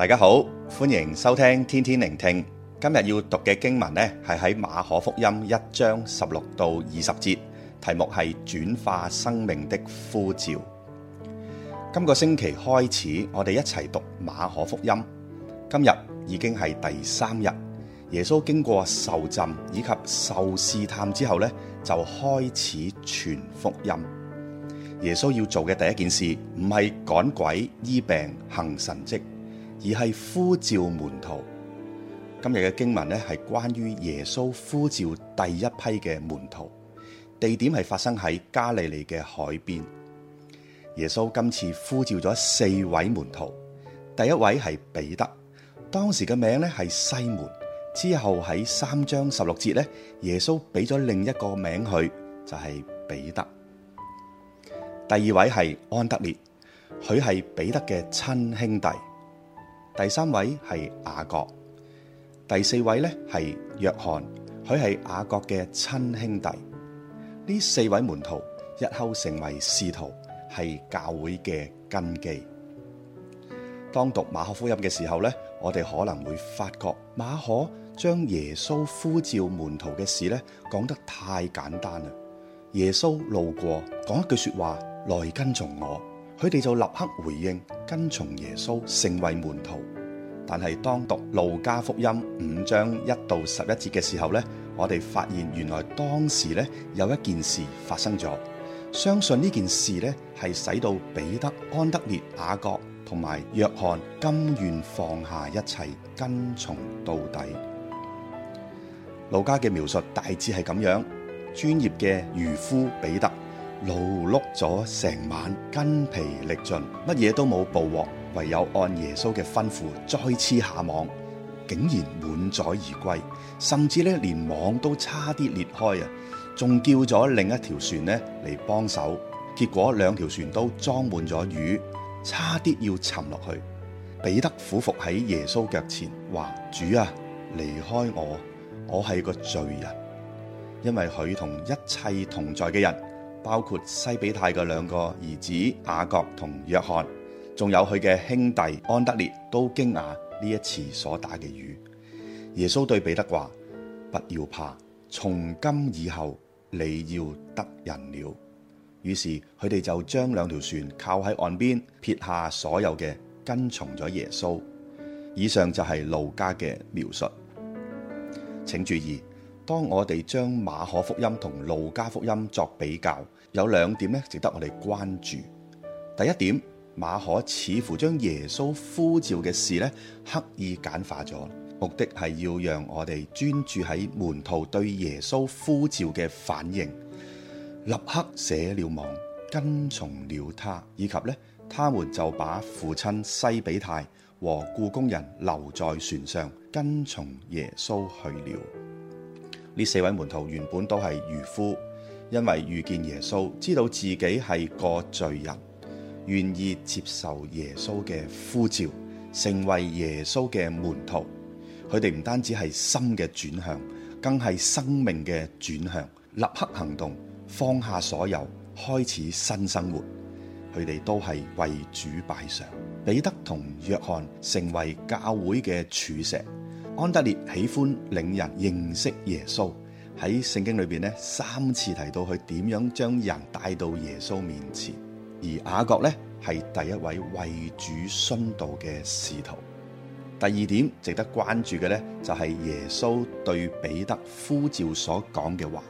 大家好，歡迎收聽天天聆聽。今日要讀嘅經文呢，係喺馬可福音一章十六到二十節，題目係轉化生命的呼召。今個星期開始，我哋一齊讀馬可福音。今日已經係第三日，耶穌經過受浸以及受試探之後呢，就開始傳福音。耶穌要做嘅第一件事，唔係趕鬼、醫病、行神蹟。而係呼召門徒。今日嘅經文咧，係關於耶穌呼召第一批嘅門徒。地點係發生喺加利利嘅海邊。耶穌今次呼召咗四位門徒。第一位係彼得，當時嘅名咧係西門。之後喺三章十六節咧，耶穌俾咗另一個名佢，就係彼得。第二位係安得烈，佢係彼得嘅親兄弟。第三位係雅各，第四位呢係約翰，佢係雅各嘅親兄弟。呢四位門徒日後成為使徒，係教會嘅根基。當讀馬可福音嘅時候呢，我哋可能會發覺馬可將耶穌呼召門徒嘅事呢講得太簡單啦。耶穌路過，講一句說話，來跟從我。佢哋就立刻回應跟從耶穌，成為門徒。但係當讀路加福音五章一到十一節嘅時候呢，我哋發現原來當時呢有一件事發生咗。相信呢件事呢係使到彼得、安得烈、雅各同埋約翰甘願放下一切，跟從到底。路加嘅描述大致係咁樣：專業嘅漁夫彼得。勞碌咗成晚，筋疲力盡，乜嘢都冇捕獲，唯有按耶穌嘅吩咐再次下網，竟然滿載而歸，甚至咧連網都差啲裂開啊！仲叫咗另一條船嚟幫手，結果兩條船都裝滿咗魚，差啲要沉落去。彼得俯伏喺耶穌腳前，話：「主啊，離開我，我係個罪人，因為佢同一切同在嘅人。包括西庇太嘅兩個兒子雅各同約翰，仲有佢嘅兄弟安德烈，都驚訝呢一次所打嘅魚。耶穌對彼得話：不要怕，從今以後你要得人了。於是佢哋就將兩條船靠喺岸邊，撇下所有嘅，跟從咗耶穌。以上就係路加嘅描述，請注意。當我哋將馬可福音同路加福音作比較，有兩點咧值得我哋關注。第一點，馬可似乎將耶穌呼召嘅事咧刻意簡化咗，目的係要讓我哋專注喺門徒對耶穌呼召嘅反應，立刻捨了網跟從了他，以及呢，他們就把父親西庇太和雇工人留在船上跟從耶穌去了。呢四位門徒原本都係漁夫，因為遇見耶穌，知道自己係個罪人，願意接受耶穌嘅呼召，成為耶穌嘅門徒。佢哋唔單止係心嘅轉向，更係生命嘅轉向，立刻行動，放下所有，開始新生活。佢哋都係為主擺上。彼得同約翰成為教會嘅柱石。安得烈喜歡領人認識耶穌。喺聖經裏邊咧，三次提到佢點樣將人帶到耶穌面前，而雅各咧，係第一位為主殉道嘅使徒。第二點值得關注嘅咧，就係耶穌對彼得呼召所講嘅話。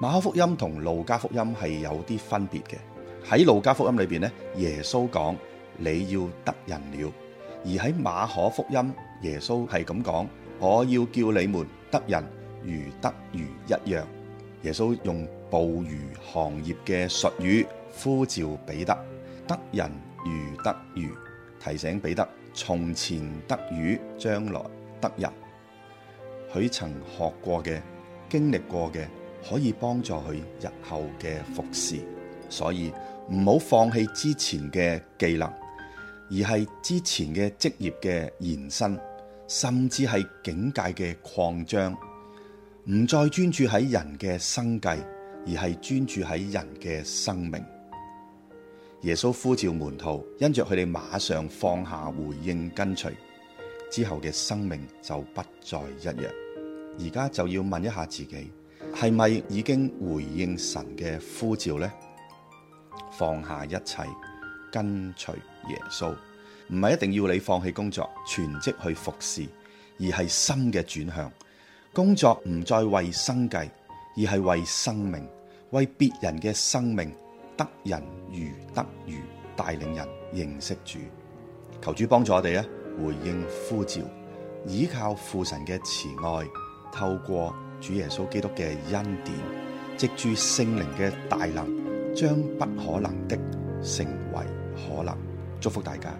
馬可福音同路加福音係有啲分別嘅，喺路加福音裏邊咧，耶穌講，你要得人了，而喺馬可福音。耶穌係咁講：我要叫你們得人如得魚一樣。耶穌用捕魚行業嘅術語呼召彼得：「得人如得魚」，提醒彼得從前得魚，將來得人。佢曾學過嘅、經歷過嘅，可以幫助佢日後嘅服侍。所以唔好放棄之前嘅技能，而係之前嘅職業嘅延伸。甚至係境界嘅擴張，唔再專注喺人嘅生計，而係專注喺人嘅生命。耶穌呼召門徒，因着佢哋馬上放下回應跟隨，之後嘅生命就不再一樣。而家就要問一下自己，係咪已經回應神嘅呼召呢？放下一切，跟隨耶穌。唔係一定要你放棄工作，全職去服侍，而係心嘅轉向。工作唔再為生計，而係為生命，為別人嘅生命，得人如得魚，帶領人認識主。求主幫助我哋咧，回應呼召，依靠父神嘅慈愛，透過主耶穌基督嘅恩典，藉住聖靈嘅大能，將不可能的成為可能。祝福大家。